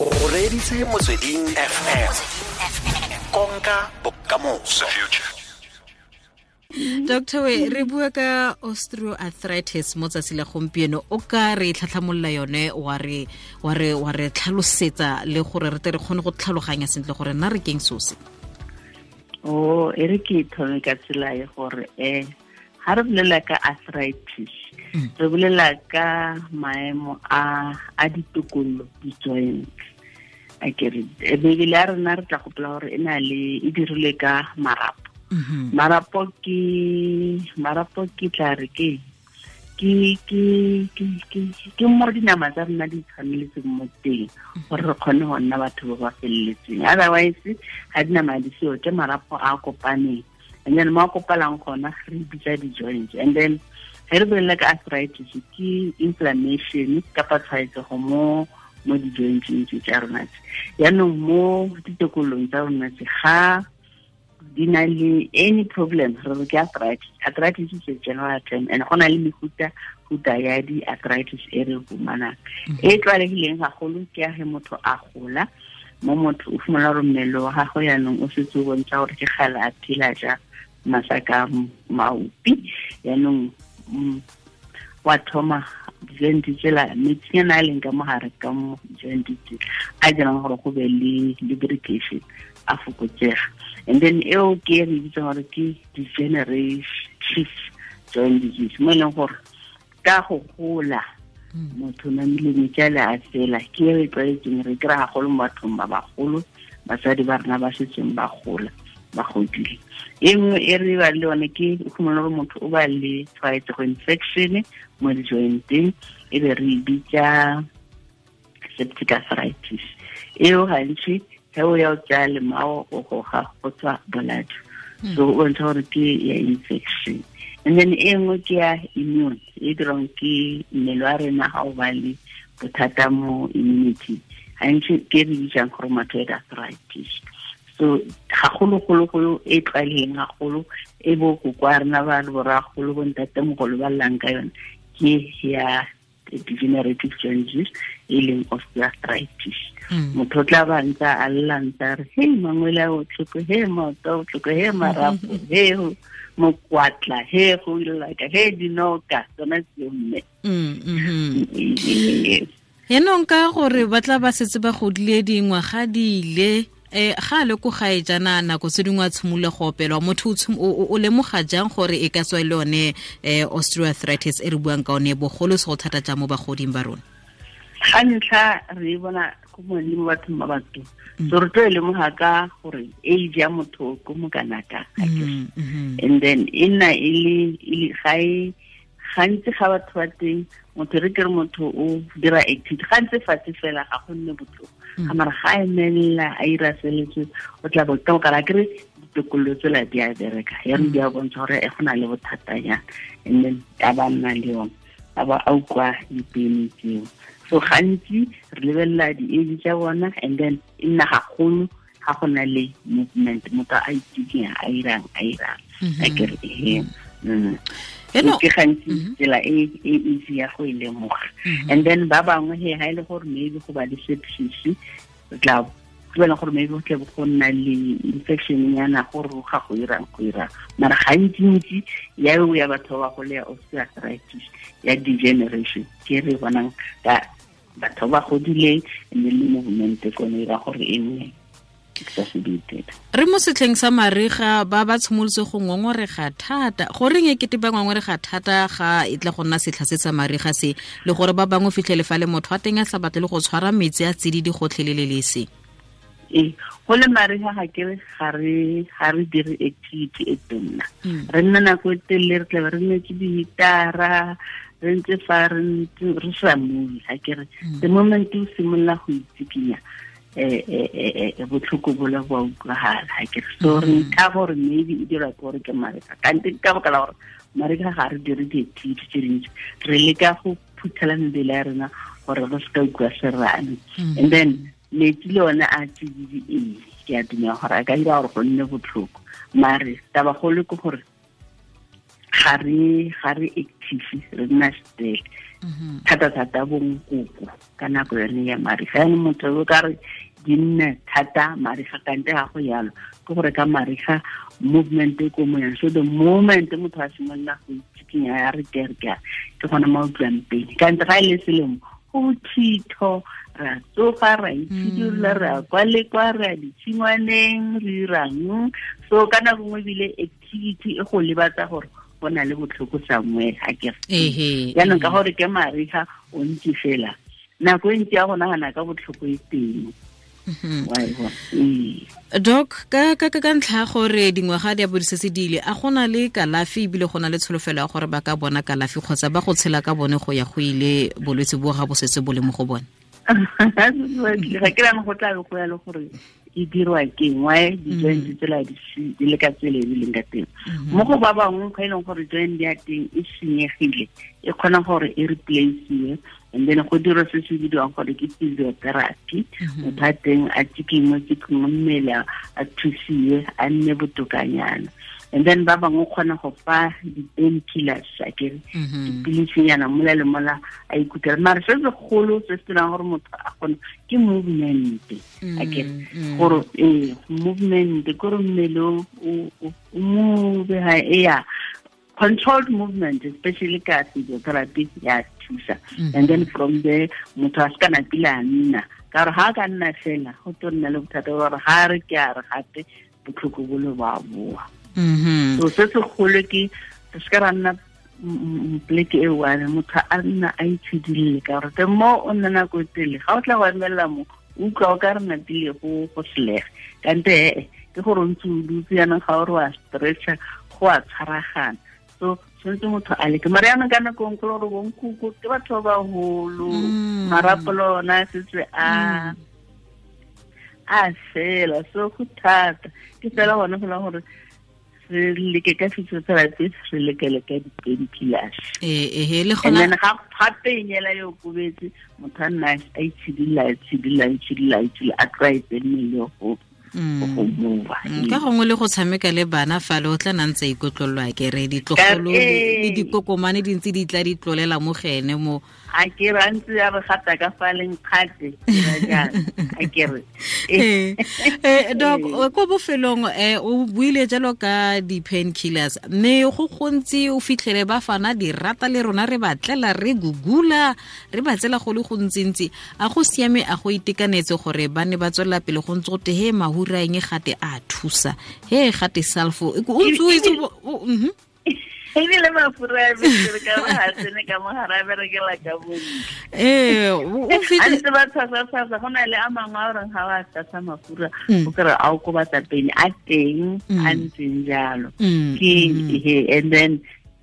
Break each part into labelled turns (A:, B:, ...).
A: o reditse motsweding fm konka bokamoso
B: dr we re bua ka osteoarthritis mo tsatsi la gompieno o ka re tlhatlhamolola yone wa re tlhalosetsa le gore re te re kgone go tlhaloganya sentle gore nna re keng sose
A: o e re ke ithome ka tsela e gore um ha re bolela ka arthritis mm. re bolela ka maemo a a ditokolo di-joint akere mebele e ya rona re tla gopola gore e na le e dirilwe ka marapo mm-hmm. marapo ke marapo ke tla re ke ke ke ke ke ke mo dinama tsa rona di tshwaneletseng mo teng gore re kgone go nna batho ba ba feleletseng otherwise ga dinama di seo ke marapo a kopaneng and then mo kopalang gona re bitsa di-joint and then ge re bolelela ka arthritis ke inflammation kapa tshwaetsego mo mo di-jointing tse tsa rona tse yaanong mo ditokolong tsa rona tse ga di na le any problem re re ke arthritis arthritis is a general term and go na le mehuta-huta ya di-arthritis e re humanang e, mhm. e tlwalegileng gagolo ke age motho a gola mo motho o fumana gore mmele wa gagwe yaanong o setse o bontsha gore ke gale a phela jang masaka maopi yaanong wa thoma joint metsinyana a leng ka mogare ka mo joint a dirang gore go be le lubrication a fokotsega and then eo ke e re e bitsa gore ke degenerative joint disease mo e leng gore ka go gola hmm. motho namile metsale a fela ke e e tlwaetseng re kry-a golo mo bathong ba bagolo basadi ba rena ba setseng ba gola ba godile e nngwe e re ba le yone ke o fumona gore motho o ba le tshwaetsego infection mo di-jointeng e be re e bitsa septic arthritis eo gantsi ge o ya o tsaya lemao o goga go tswa bolato hmm. so o bontsha gore ke ya infection and then e nngwe ke ya immune e dirang ke mmele wa rena ga o ba le bothata mo immunity gantsi ke re bijang gore rheumatoid arthritis so ga gologologolo e tlwaeleng gagolo e bo koko a rena ba le boragolo bontatemogolo ba llang ka yone ke ya degenerative changes e leng osteoarthritis hmm. motho o tla ba ntse a lla ntse a re he mangwele a botlhoko he maoto botlhoko he marapo he mokwatla he go lelaka he dinoka tsona tseo mme
B: hmm, hmm. yanong ka gore ba tla ba setse ba godile dingwaga di ile Eh, e ga le go gaetjana nako se dingwa tshimole go opelwa motho o lemoga jang gore e ka tswa le yone eh, osteoarthritis e re buang ka one bogolo se go thata tja mo bagoding ba rona
A: ga ntlha re bona ko mone mo bathong ba batho so re tlo e lemoga ka gore age ya motho ko mo kanaka mm, mm-hmm. and then e nna e, e le ga e gantsi ga batho ba teng motho re kere motho o dira activity gantsi fatshe fela ga go nne botlhoko Mm-hmm. ga mara e ga emelela a ira seletse o tla bota o kala kere ditokololo tsela di a bereka yanong di a mm-hmm. bontsha gore e go na le bothatanyana and then a ba nna le yone a ba a ukwa dipeni tseo so gantsi re lebelela di-adi tsa bona and then e nna gagolo ga go na le movement motho a itsikeng a irang a irang mm-hmm. a kere ehe ke gantsi mm-hmm. tsela e, e easy ya go e lemoga mm-hmm. and then ba bangwe he ha ile e gore maybe go ba le sepsis tla tla gore maybe go tle go nna le infection yana gore ga go irang go irang mara gantsi ntsi ya e o ya batho ba go le ya osteoarthritis ya degeneration ke re bonang ka batho ba godileng and le movement e kone ira gore e nne
B: re mo setlheng sa mariga ba ba tshimolotse go ngongorega thata goreng e kete ba ngongorega thata ga e tla go nna setlha se sa mariga se le gore ba bangwe fitlhele fa le motho a teng a sa batle le go tshwara metsi a tsididi gotlhelele le seng ee go
A: le mariga ga kere ga re dire activity e tonna hmm. re nna nako e telele re tlabe re nne ke ditara re ntse fa re sa mole ga kere hmm. the moment o simolola go itsikinya Eh, eh, eh, botlhoko bola bo a utlwagala ga ke so mm. ka gore maybe e dirwa ke gore ke mareka kante ka boka la gore mareka ga re dire dithithi tse dintsi re leka go phuthela mebele ya rena gore re se ka utlwa serame mm. and then metsi le one a tsididi ee ke a dumela gore a ka dira gore go nne botlhoko mare tabagolo ke gore hari hari ga re active re nna still mhm. thata-thata bonkoko ka nako yone ya, ya mariga yanong motho o ka re di nne thata mariga kante ga go yalo ke gore ka mariga movement e ko moyang so the moment motho a simolola go itsikinya ya re kere ke ke gona ma utlwang pele kante ga e le selemo go thitho ra tsoga ra itshidolola mm. ra kwa le kwa ra ditshingwaneng re irang so ka nako ngwe ebile activity e go lebatsa gore go na le botlhoko somewhere ga ke jaanong ka gore ke mariga o ntsi fela nako e ntsi ya go
B: nagana ka botlhoko e teng
A: mhm. e ee.
B: doc ka ntlha ya gore dingwaga di a bodisetse di ile a gona le kalafi ebile go na le tsholofelo ya gore ba ka bona kalafi kgotsa ba go tshela ka bone go ya go ile bolwetse bo ga bosetse bo le mo go bone
A: ga ke rane go tlabe go ya le gore e dirwa ke why di-joint mm. tsela di le ka tsela e leng ka teng mm-hmm. mo go ba bangwe go e leng gore joint ya teng e senyegile e kgona gore e replaceiwe and then go dirwa se se bidiwang gore ke physiotherapy
B: mhm. motho a
A: teng a tsikengwe tsikengwe mmele a thusiwe a nne botokanyana and then ba bangwe kgona go fa di-pain pillars akere mhm. dipilisinyana mola le mola a ikutela mare se segolo se se dirang gore motho a kgona ke movement mm, akere mm. gore ee eh, movement kore mmele o move ga e ya controlled movement especially ka physiotherapy ya thusa mm-hmm. and then from there motho a se kana pila a nna ka gore ga a ka nna fela go tlo nna le bothata ba gore ga re ke a re gape botlhoko bolo ba boa mm-hmm. so se segolo ke se ka ra nna pleke e one motho a nna a itshedilile ka gore the mo o nna nako tele ga o tla go emelela mo utlwa o ka re napile go selege kante ee ke gore o ntse o dutse yanong ga o re wa stretcha go a tshwaragana so tshwanetse motho a leke mara yanong ka nakong e kolo gore bonkoko ke batho ba bagolo mm. marapolo ona a setse a mm. a fela so go thata ke fela gone fela gore re leke ka physiotherapist re lekele ka di-pain killers
B: e, e, then
A: yo kobetse motho a nna a itshidila itshidila itshidila itshidila a tlwaetse mmele go
B: go bua mm, ka gongwe le go tshameka le bana fa le o tla nantse ikotlolwa kere ditlogolo le dikokomane di ntse di tla di tlolela mo gene mo
A: a ke ra ya re gata ka fa le nkgate
B: a ke re eh, eh, dok eh. ko bofelong o buile jalo ka di-pain killers mme go gontsi o fitlhele ba fana di rata le rona re batlela re gugula re batsela go le gontsintsi a go siame a go itekanetse gore ba ne ba tswelela pele go ntse go tehe mahu hura eng e gate a thusa he gate salfo e ebile mhm. e mafura a
A: betere ka re tsene ka mogare a berekela ka
B: bontle
A: ba tshwasa-tshwasa go na le a mangwe a goreng ga o a tshwasa mafura mm. o kry a o kobatsa pene a teng a mm. ntseng jalo mm. ke and then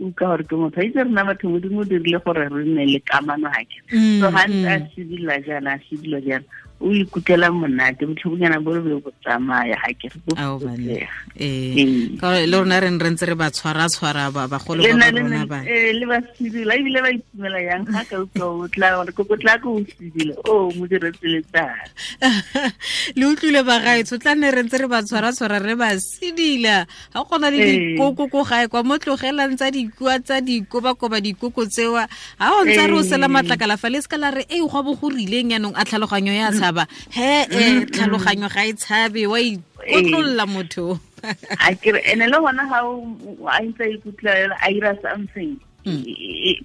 A: o ka gore ke motho itse rena batho modimo o dirile gore re nne le kamano gake so gantse a sedila jaana a sedilo jaana o ikutlwela monate botlhobonyana bo re be bo ga ke re eh,
B: ee. le rona re re ntse re ba tshwara-tshwara bagolo le ba eh, sidila
A: ebile ba itumela yang ga ka utlwa otla koko tla ko o sidile o oh, mo diretseletsana
B: le utlwile bagaetsho tla nne re ntse re ba tshwara-tshwara re ba sidila ga kgona le ee. dikoko ko gae kwa mo tlogelang tsa dikua tsa dikobakoba dikoko tsewa ga o ntse re o sela ee. matlakala fa le se ka la re e gwa bo go rileng yaanong a tlhaloganyo ya tsha ditaba he e tlhaloganyo ga e tshabe wa ikotlolola motho eh. akere le gona ga a ntse a ikutlwa a ira something Hmm.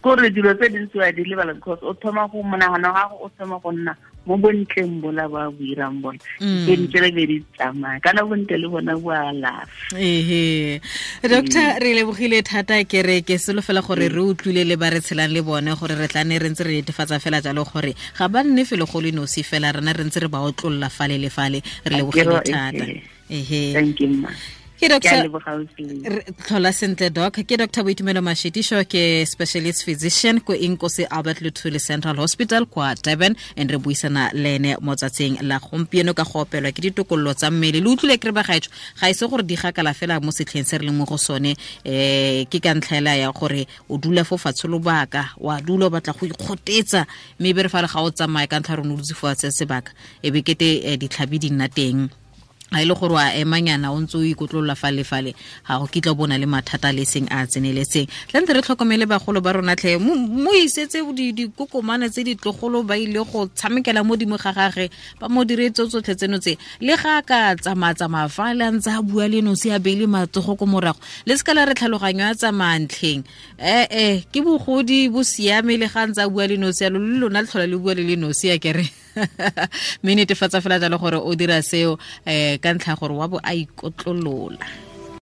A: kore dilo tse dintsi wa di lebala because o thoma go monagano gago o thoma go nna mo bontleng bola ba bo irang bona ke hmm. ntse le be di tsamaya kana bontle e le bona bo a lafa
B: ehe
A: hmm. doctor
B: re lebogile thata ke re ke selo fela gore re utlwile le ba re tshelang le bone gore re tla ne re ntse re netefatsa fela jalo gore ga ba nne felo go le nosi fela rena re ntse re ba otlolola fale le fale re lebogile thata ehe thank you ma
A: tlhola
B: sentle doc ke dr boitumelo mashetišo ke specialist physician ko inkosi albert luthuli central hospital kwa durban and re buisana le ene mo tsatsing la gompieno ka go opelwa ke ditokololo tsa mmele le utlwile kry bagaetso ga e se gore di gakala fela mo setlheng se re leng mo go sone um ke ka ntlha ela ya gore o dula fo fatshe lobaka wa dula o batla go ikgotetsa mme e be re fa le ga o tsamaya ka ntlha re o ne o dutse fo sebaka e bekete eh, ditlhabi di nna teng a ile e gore wa emanyana o ntse o ikotlolola fa fale ga go kitla bona le mathata le seng a tseneletseng tla ntse re tlhokomele bagolo ba rona tlhe mo isetse dikokomane tse ditlogolo ba ile go tshamekela modimo ga gage ba mo diretso tsotlhe tseno tse le ga a ka tsamatsamaya fa le a ntse a bua le nosi a beile matsogo ko morago le se ka la re tlhaloganyo a tsamayantlheng ee ke bogodi bo siame le ga ntse a bua le nosi yalo le lona le tlhola le bua le le nosi ya kere mme e netefatsa fela jalo gore o dira seo um ka ntlha ya gore wa bo a ikotlolola